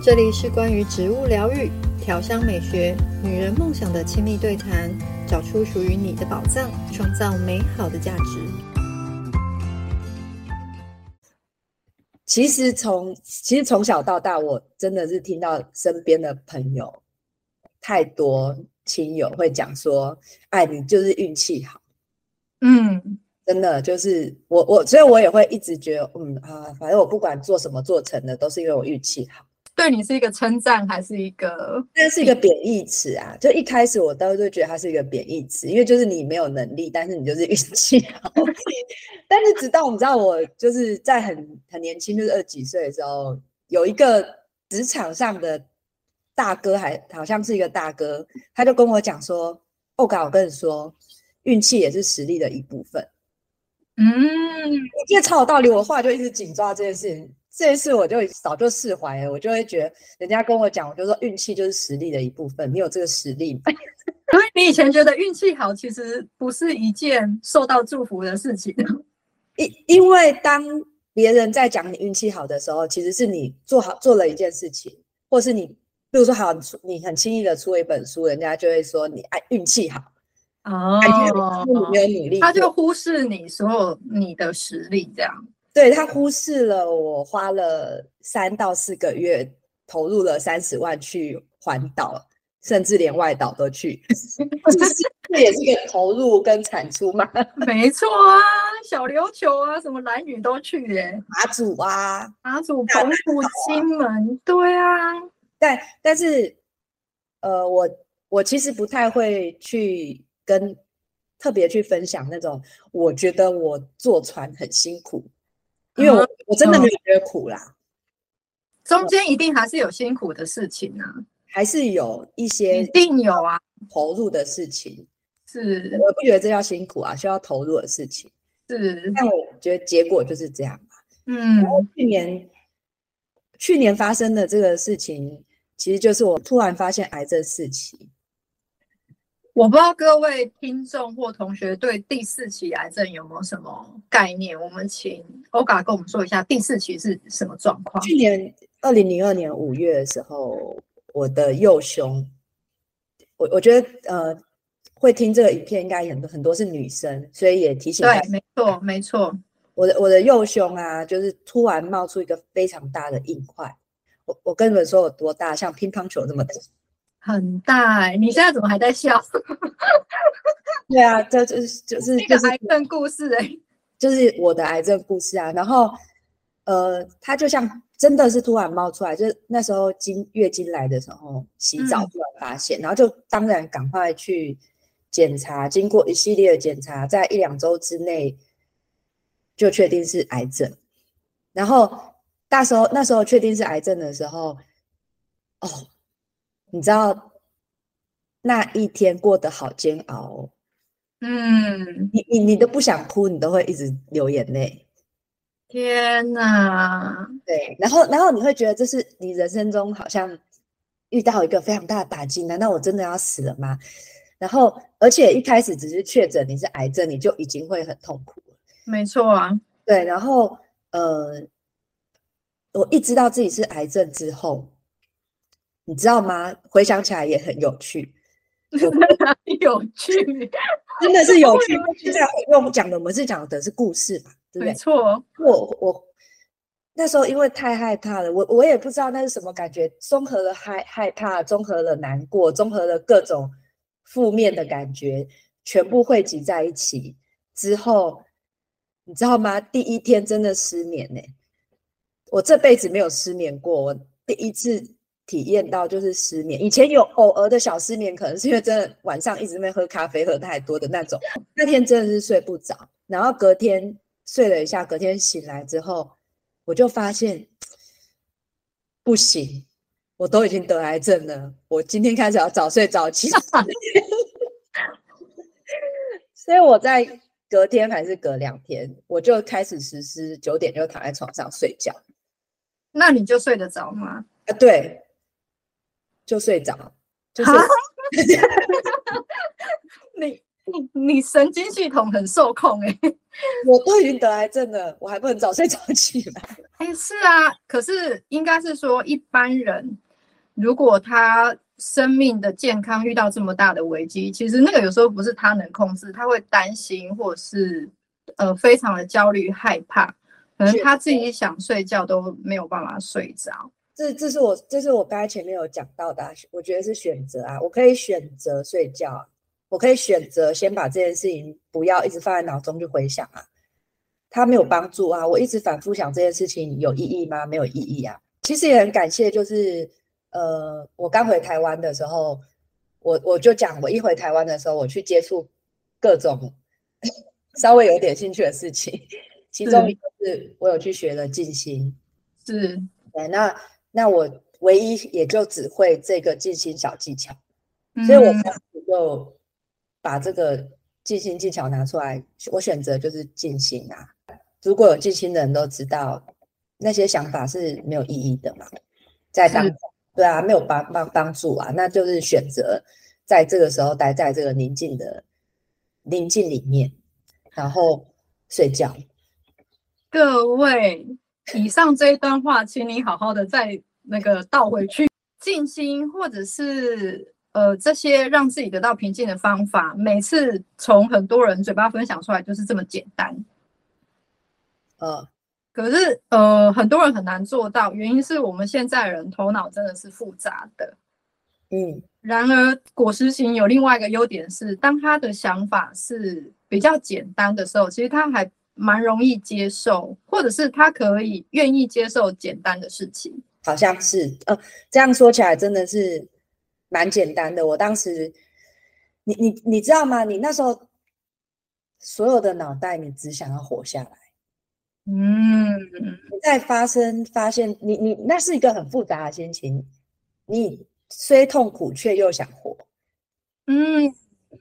這裡是關於植物療癒、調香美學、女人夢想的親密對談，找出屬於你的寶藏，創造美好的價值。其實從，其實從小到大，我真的是聽到身邊的朋友太多親友會講說：“哎，你就是運氣好。”嗯，真的就是我，我，所以，我也會一直覺得，嗯，啊，反正我不管做什麼做成的，都是因為我運氣好。對你是一個稱讚還是一個？這是一個貶義詞啊！就一開始我當時就覺得它是一個貶義詞，因為就是你沒有能力，但是你就是運氣好。 但是直到你知道我就是在很很年輕，就是二十幾歲的時候，有一個職場上的大哥還，還好像是一個大哥，他就跟我講說：“歐嘎，我跟你說，運氣也是實力的一部分。”嗯，你這超有道理，我話就一直緊抓這件事情。這一次我就早就釋懷了，我就會覺得人家跟我講，我就說運氣就是實力的一部分，沒有這個實力。因為 你以前覺得運氣好，其實不是一件受到祝福的事情。因因為當別人在講你運氣好的時候，其實是你做好做了一件事情，或是你，比如說好，你很輕易的出了一本書，人家就會說你哎運氣好哦，有沒有努力，哦，他就忽視你所有你的實力這樣。對，他忽視了我花了三到四個月，投入了三十萬去環島，甚至連外島都去。這、 就是、也是個投入跟產出嘛？沒錯啊，小琉球啊，什麼蘭嶼都去耶、欸，馬祖啊，馬祖、澎湖、金門。啊對啊，但但是，呃，我我其實不太會去跟特別去分享那種，我覺得我坐船很辛苦。因為我、嗯啊、我真的沒有覺得苦啦，中間一定還是有辛苦的事情啊，還是有一些一定有啊投入的事情，是、啊、我不覺得這叫辛苦啊，需要投入的事情是，但我覺得結果就是這樣是然後嗯，去年去年發生的這個事情，其實就是我突然發現癌症四期。我不知道各位聽眾或同學對第四期癌症有沒有什麼概念？我們請歐嘎跟我們說一下第四期是什麼狀況。去年二零零二年五月的時候，我的右胸，我我覺得呃，會聽這個影片，應該很多很多是女生，所以也提醒對，沒錯沒錯，我的我的右胸啊，就是突然冒出一個非常大的硬塊。我我跟你們說有多大，像乒乓球這麼大。很大哎、欸！你現在怎麼還在笑？ 對啊，這就是就是、就是、個癌症故事哎、欸，就是我的癌症故事啊。然後，呃，他就像真的是突然冒出來，就是那時候經月經來的時候洗澡突然發現，嗯、然後就當然趕快去檢查，經過一系列的檢查，在一兩周之內就確定是癌症。然後，那時候那時候確定是癌症的時候，哦。你知道那一天過得好煎熬哦，嗯，你你你都不想哭，你都會一直流眼淚。天哪，對，然後然後你會覺得這是你人生中好像遇到一個非常大的打擊，難道我真的要死了嗎？然後而且一開始只是確診你是癌症，你就已經會很痛苦了。沒錯啊，對，然後呃，我一知道自己是癌症之後，你知道嗎？回想起來也很有趣， 有趣， 真的是有趣。 有趣，就是因為我們講的我們是講的是故事嘛，對不對？沒錯。我我那時候因為太害怕了，我我也不知道那是什麼感覺，綜合了害害怕，綜合了難過，綜合了各種負面的感覺，全部匯集在一起之後，你知道嗎？第一天真的失眠呢，欸，我這輩子沒有失眠過，我第一次。體驗到就是失眠，以前有偶爾的小失眠，可能是因為真的晚上一直在喝咖啡，喝太多的那種。那天真的是睡不着，然後隔天睡了一下，隔天醒來之後，我就發現不行，我都已經得癌症了。我今天開始要早睡早起， 所以我在隔天還是隔兩天，我就開始實施九點就躺在床上睡覺。那你就睡得着嗎？啊，呃、對。就睡着蛤， 你你你神經系統很受控哎、欸，我都已經得癌症了，對我還不能早睡早起嗎？哎，欸、是啊，可是應該是說一般人，如果他生命的健康遇到這麼大的危機，其實那個有時候不是他能控制，他會擔心或者是呃非常的焦慮害怕，可能他自己想睡覺都沒有辦法睡着。這這是我這是我剛才前面有講到的啊，我覺得是選擇啊，我可以選擇睡覺，我可以選擇先把這件事情不要一直放在腦中去回想啊，他沒有幫助啊，我一直反復想這件事情有意義嗎？沒有意義啊。其實也很感謝，就是呃，我剛回台灣的時候，我我就講，我一回台灣的時候，我去接觸各種稍微有點興趣的事情，是其中一個是我有去學了靜心，是，對，那。那我唯一也就只會這個靜心小技巧，嗯、所以我當時就把這個靜心技巧拿出來。我選擇就是靜心啊。如果有靜心的人都知道，那些想法是沒有意義的嘛，在當下，嗯、對啊，沒有幫幫幫助啊，那就是選擇在這個時候待在這個寧靜的寧靜裡面，然後睡覺。各位。以上這一段話，請你好好的再那個倒回去靜心，或者是呃這些讓自己得到平靜的方法，每次從很多人嘴巴分享出來就是這麼簡單。呃，可是呃很多人很難做到，原因是我們現在人頭腦真的是複雜的。嗯，然而果實型有另外一個優點是，當他的想法是比較簡單的時候，其實他還。蠻容易接受，或者是他可以願意接受簡單的事情，好像是。呃，這樣說起來真的是蠻簡單的。我當時，你你你知道嗎？你那時候所有的腦袋，你只想要活下來。嗯。嗯，在發生發現，你你那是一個很複雜的心情。你雖痛苦，卻又想活。嗯。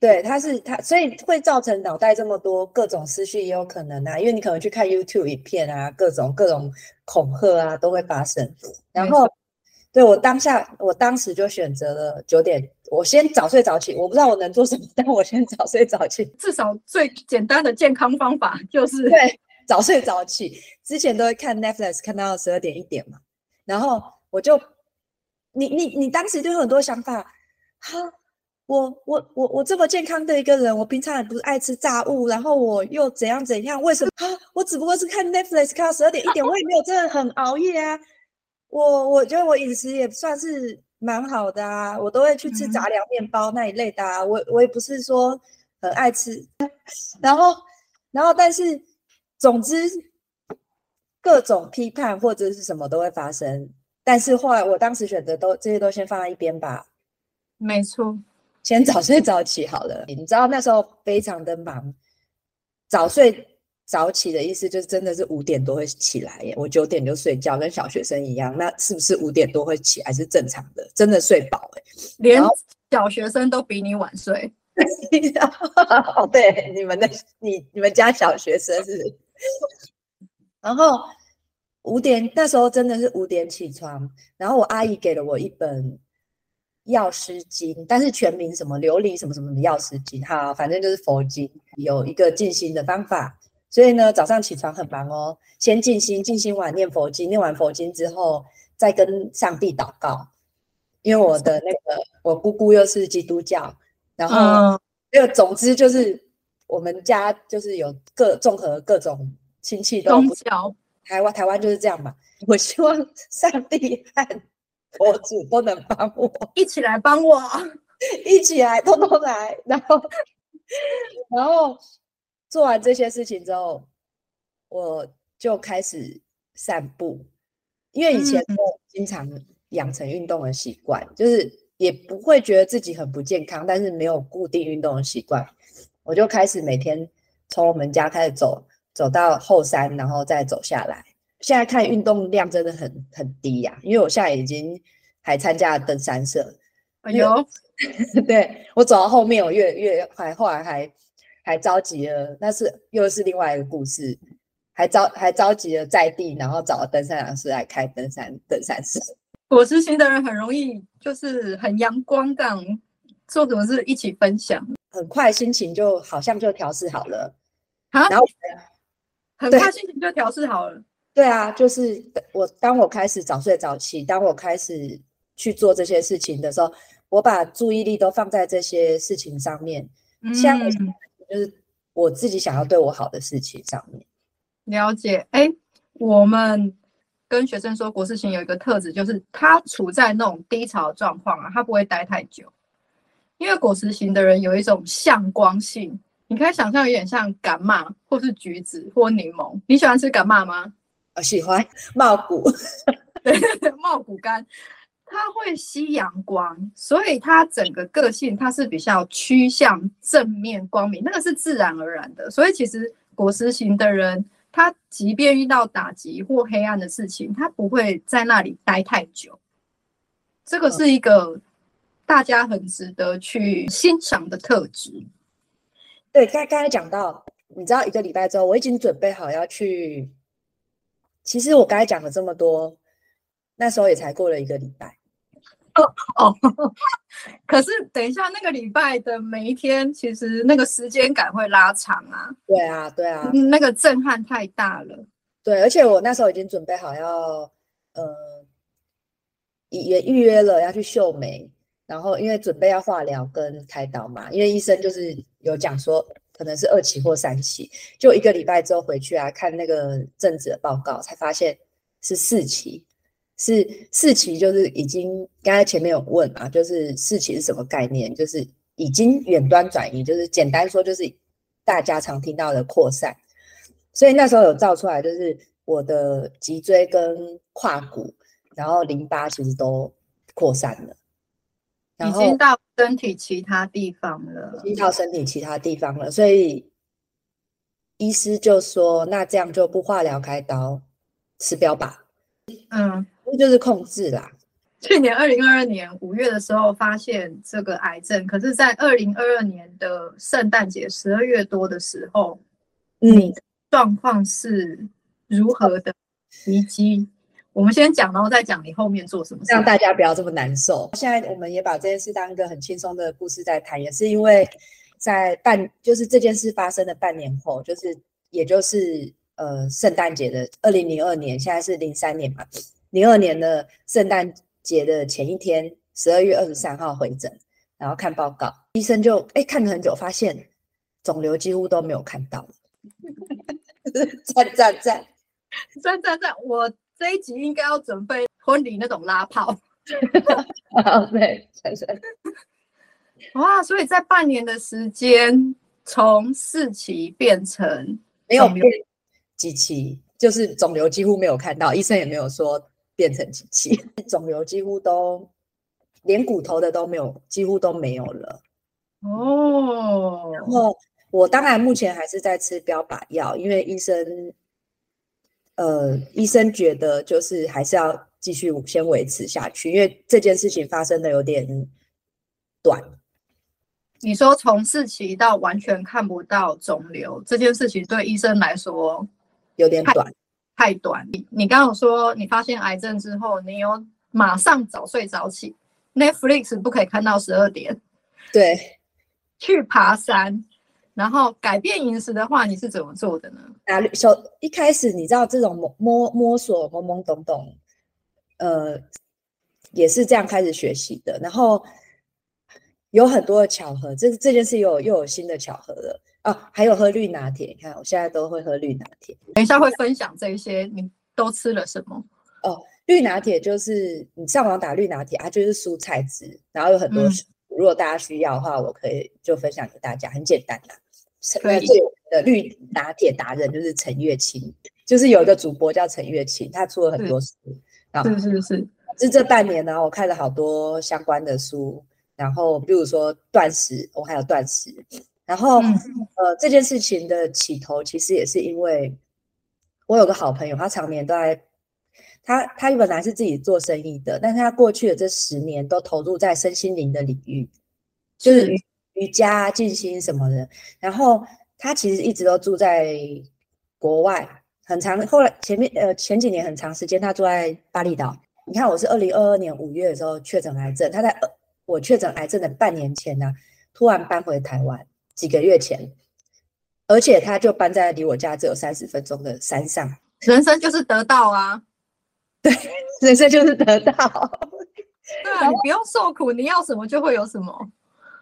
對，他是他，所以會造成腦袋這麼多各種思緒也有可能啊，因為你可能去看 YouTube 影片啊，各種各種恐嚇啊都會發生。然後，沒錯。對我當下，我當時就選擇了九點，我先早睡早起。我不知道我能做什麼，但我先早睡早起，至少最簡單的健康方法就是對早睡早起。之前都會看 Netflix 看到十二點一點嘛，然後我就，你你你，你當時就有很多想法，哈。我我我我這麼健康的一個人，我平常也不是愛吃炸物，然後我又怎樣怎樣？為什麼啊？我只不過是看 Netflix 看到十二點一點，我也沒有真的很熬夜啊。我我覺得我飲食也算是蠻好的啊，我都會去吃雜糧麵包那一類的啊，我我也不是說很愛吃。然後然後但是總之各種批判或者是什麼都會發生，但是後來我當時選擇都這些都先放在一邊吧。沒錯。先早睡早起好了， 你知道那時候非常的忙。早睡早起的意思就是真的是五點多會起來耶，我九點就睡覺，跟小學生一樣。那是不是五點多會起還是正常的？真的睡飽哎，連小學生都比你晚睡、 哦。對，你們的你你們家小學生是。 然後五點那時候真的是五點起床，然後我阿姨給了我一本。藥師經，但是全名什麼琉璃什麼什麼什麼藥師經，哈，反正就是佛經，有一個靜心的方法，所以呢，早上起床很忙哦，先靜心，靜心完念佛經，念完佛經之後，再跟上帝禱告，因為我的那個 我姑姑又是基督教，然後、嗯、那個總之就是我們家就是有各綜合各種親戚都不，宗教小，台灣台灣就是這樣嘛，我希望上帝和。我主不能幫我，一起來幫我， 一起來，通通來，然後，然後做完這些事情之後，我就開始散步，因為以前我經常養成運動的習慣，嗯、就是也不會覺得自己很不健康，但是沒有固定運動的習慣，我就開始每天從我們家開始走，走到後山，然後再走下來。現在看運動量真的很很低呀、啊，因為我現在已經還參加了登山社，哎、呦，有 對我走到後面，我越越還後來還還着急了，那是又是另外一個故事，還著還着急了在地，然後找登山老師來開登山登山社。果實型的人很容易就是很陽光，這樣做什麼事一起分享，很快心情就好像就調試好了，好哈，然後很快心情就調試好了。對啊，就是我當我開始早睡早起，當我開始去做這些事情的時候，我把注意力都放在這些事情上面，像、嗯、就是我自己想要對我好的事情上面。了解，哎，我們跟學生說，果實型有一個特質，就是他處在那種低潮狀況啊，他不會待太久，因為果實型的人有一種向光性，你可以想象有點像橄欖或是橘子或檸檬。你喜歡吃橄欖嗎？我喜歡茂谷，對，茂谷柑，它 會吸陽光，所以它整個個性，它是比較趨向正面光明，那個是自然而然的。所以其實果實型的人，他即便遇到打擊或黑暗的事情，他不會在那裡待太久。這個是一個大家很值得去欣賞的特質。嗯。對，剛剛講到，你知道一個禮拜之後，我已經準備好要去。其實我剛才講了這麼多，那時候也才過了一個禮拜。哦哦，可是等一下，那個禮拜的每一天，其實那個時間感會拉長啊。對啊，對啊，對啊、嗯，那個震撼太大了。對，而且我那時候已經準備好要，呃，也預約了要去繡眉，然後因為準備要化療跟開刀嘛，因為醫生就是有講說。可能是二期或三期，就一個禮拜之後回去啊，看那個正子的報告，才發現是四期。是四期就是已經，剛才前面有問啊，就是四期是什麼概念？就是已經遠端轉移，就是簡單說就是大家常聽到的擴散。所以那時候有照出來，就是我的脊椎、跟胯骨，然後淋巴其實都擴散了。已經到身體其他地方了，已經到身體其他地方了，所以醫師就說，那這樣就不化療、開刀，吃標靶，嗯，那就是控制啦。去年二零二二年五月的時候發現這個癌症，可是，在二零二二年的聖誕節十二月多的時候，嗯、你的狀況是如何的？襲擊。 我們先講，然後再講你後面做什麼，讓大家不要這麼難受。現在我們也把這件事當一個很輕鬆的故事在談，也是因為，在半就是這件事發生的半年後，就是也就是呃聖誕節的二零零二年，現在是零三年嘛，零二年的聖誕節的前一天，十二月二十三號回診，然後看報告，醫生就哎看了很久，發現腫瘤幾乎都沒有看到。讚讚讚讚讚讚我。這一集應該要準備婚禮那種拉炮，啊對，是是。哇，所以在半年的時間，從四期變成沒有沒有幾期，就是腫瘤幾乎沒有看到， 醫生也沒有說變成幾期，腫瘤幾乎都連骨頭的都沒有，幾乎都沒有了。哦，然後我當然目前還是在吃標靶藥，因為醫生。呃，醫生覺得就是還是要繼續先維持下去，因為這件事情發生的有點短。你說從四期到完全看不到腫瘤這件事情，對醫生來說有點短，太，太短。你你剛剛有說你發現癌症之後，你有馬上早睡早起，Netflix 不可以看到十二點，對，去爬山，然後改變飲食的話，你是怎麼做的呢？打綠手一開始，你知道這種摸摸摸索、懵懵懂懂，呃，也是這樣開始學習的。然後有很多的巧合，這這件事又又有新的巧合了啊！還有喝綠拿鐵，你看我現在都會喝綠拿鐵，等一下會分享這些。你都吃了什麼？哦，綠拿鐵就是你上網打綠拿鐵啊，就是蔬菜汁，然後有很多。嗯、如果大家需要的話，我可以就分享給大家，很簡單的呃，以最有名的綠拿鐵達人就是陳月清，就是有一個主播叫陳月清，他出了很多書。是，然後是是是，這這半年呢，啊，我看了好多相關的書，然後比如說斷食，我還有斷食。然後，嗯、呃，這件事情的起頭其實也是因為，我有個好朋友，他常年都在，他他本來是自己做生意的，但是他過去的這十年都投入在身心靈的領域，就是。是瑜伽、靜心什麼的，然後他其實一直都住在國外，很長。後來前面呃前幾年很長時間他住在巴厘島。你看，我是二零二二年五月的時候確診癌症，他在我確診癌症的半年前呢，啊，突然搬回台灣幾個月前，而且他就搬在離我家只有三十分鐘的山上。人生就是得到啊，對，人生就是得到， 對啊，你不用受苦，你要什麼就會有什麼。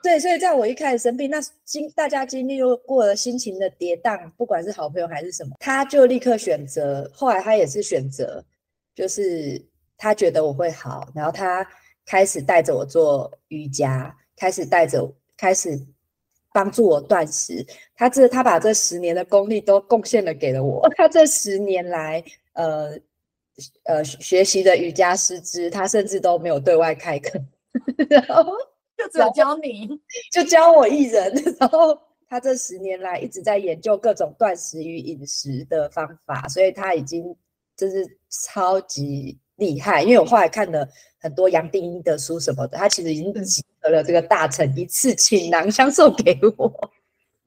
對，所以在我一開始生病，那經大家經歷過了心情的跌宕，不管是好朋友還是什麼，他就立刻選擇。後來他也是選擇，就是他覺得我會好，然後他開始帶着我做瑜伽，開始帶着，開始幫助我斷食。他這他把這十年的功力都貢獻了給了我。他這十年來，呃呃，學習的瑜伽師資，他甚至都沒有對外開課。然後就只有教你就教我一人。 然後他這十年來一直在研究各種斷食與飲食的方法，所以他已經真是超級厲害。因為我後來看了很多楊定一的書什麼的，他其實已經積累了這個大臣一次請囊相送給我。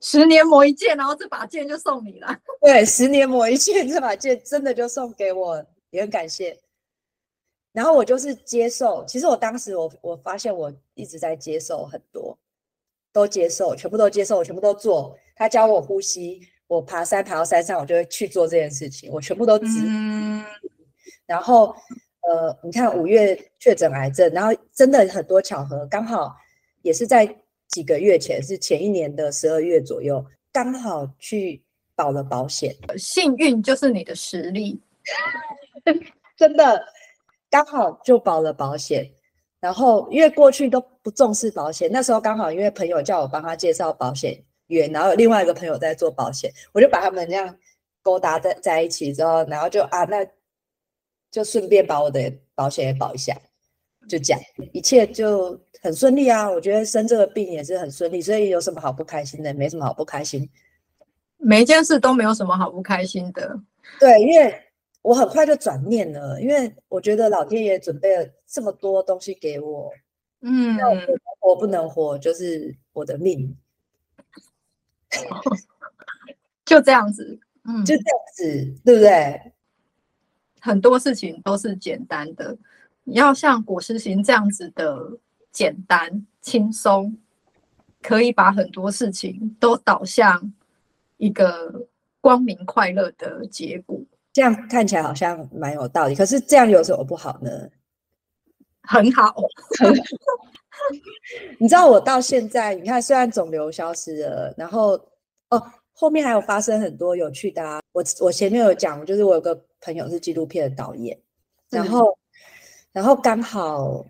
十年磨一劍，然後這把劍就送你了。對，十年磨一劍，這把劍真的就送給我，也很感謝。然後我就是接受，其實我當時我我發現我一直在接受很多，都接受，全部都接受，我全部都做。他教我呼吸，我爬山爬到山上，我就會去做這件事情，我全部都知。嗯、然後呃，你看五月確診癌症，然後真的很多巧合，剛好也是在幾個月前，是前一年的十二月左右，剛好去保了保險。幸運就是你的實力， 真的。剛好就保了保險，然後因為過去都不重視保險，那時候剛好因為朋友叫我幫他介紹保險員，然後有另外一個朋友在做保險，我就把他們這樣勾搭在在一起之後，然後就啊那就順便把我的保險也保一下，就這樣，一切就很順利啊，我覺得生這個病也是很順利，所以有什麼好不開心的？沒什麼好不開心，每一件事都沒有什麼好不開心的。對，因為。我很快就轉念了，因為我覺得老天爺準備了這麼多東西給我，嗯，我不能，不能活，就是我的命，哦、就這樣子，嗯、就這樣子，對不對？很多事情都是簡單的，你要像果實型這樣子的簡單輕鬆，可以把很多事情都導向一個光明快樂的結果。這樣看起來好像蠻有道理，可是這樣有什麼不好呢？很好， 你知道我到現在，你看雖然腫瘤消失了，然後哦後面還有發生很多有趣的啊。我我前面有講，就是我有個朋友是紀錄片的導演，然後、嗯、然後剛好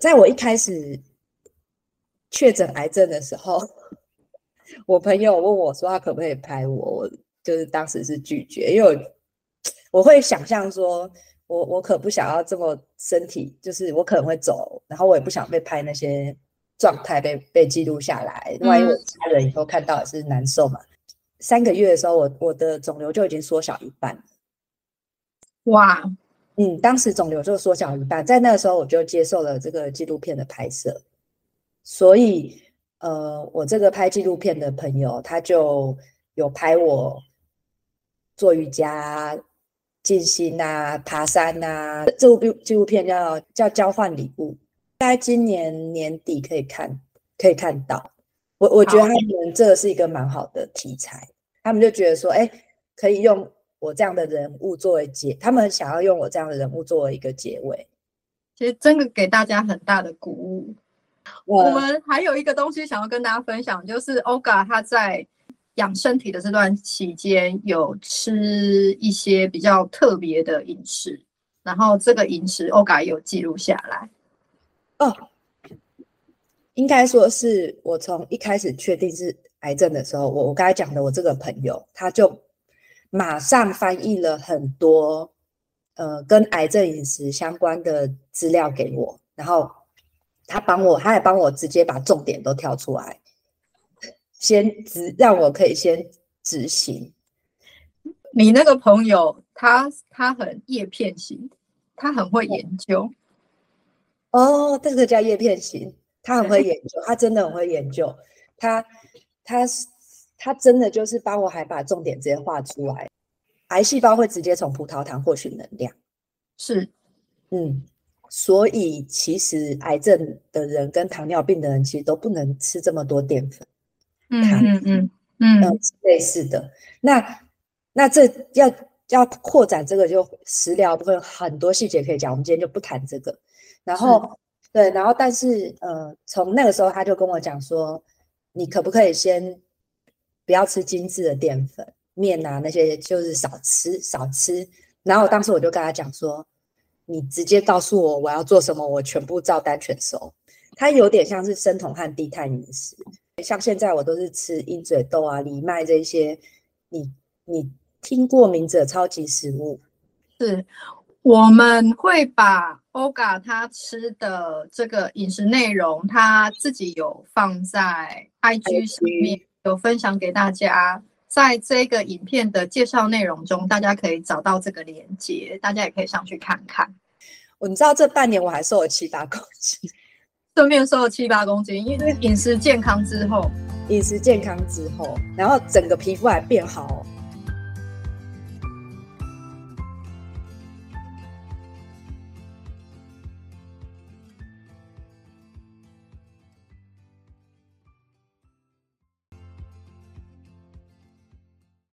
在我一開始確診癌症的時候，我朋友問我說他可不可以拍我。就是當時是拒絕，因為我,我會想象說，我我可不想要這麼身體，就是我可能會走，然後我也不想被拍那些狀態被被記錄下來，萬一我家人以後看到也是難受嘛。三個月的時候我，我我的腫瘤就已經縮小一半。哇，嗯，當時腫瘤就縮小一半，在那個時候我就接受了這個紀錄片的拍攝，所以呃，我這個拍紀錄片的朋友他就有拍我。做瑜伽、啊、靜心啊，爬山啊。這部紀錄片叫叫交換禮物，在今年年底可以看，可以看到。我我覺得他們這個是一個蠻好的題材，欸、他們就覺得說，哎、欸，可以用我這樣的人物作為結，他們想要用我這樣的人物作為一個結尾。其實真的給大家很大的鼓舞。我，我們還有一個東西想要跟大家分享，就是 Oga 他在，養身體的這段期間，有吃一些比較特別的飲食，然後這個飲食歐加有記錄下來。哦，應該說是我從一開始確定是癌症的時候，我我剛才講的我這個朋友，他就馬上翻譯了很多呃跟癌症飲食相關的資料給我，然後他幫我，他還幫我直接把重點都挑出來。先直，讓我可以先執行。你那個朋友他他很葉片型，他很會研究。哦，這個叫葉片型，他很會研究，他真的很會研究。 他他他真的就是幫我還把重點直接畫出來。癌細胞會直接從葡萄糖獲取能量。是，嗯，所以其實癌症的人跟糖尿病的人其實都不能吃這麼多澱粉。嗯嗯嗯嗯，嗯嗯呃、類似的，那那這要要擴展這個就食療部分很多細節可以講，我們今天就不談這個。然後是對，然後但是呃，從那個時候他就跟我講說，你可不可以先不要吃精緻的澱粉麵啊那些，就是少吃少吃。然後當時我就跟他講說，嗯，你直接告訴我我要做什麼，我全部照單全收。它有點像是生酮和低碳飲食。像現在我都是吃鷹嘴豆啊、藜麥這些。你你聽過名字的超級食物？是，我們會把 OGA 他吃的這個飲食內容，他自己有放在 IG 上面，IG 有分享給大家。在這個影片的介紹內容中，大家可以找到這個鏈接，大家也可以上去看看。我你知道這半年我還瘦了七八公斤。順便瘦了七八公斤，因為飲食健康之後，飲對食健康之後，對然後整個皮膚還變好。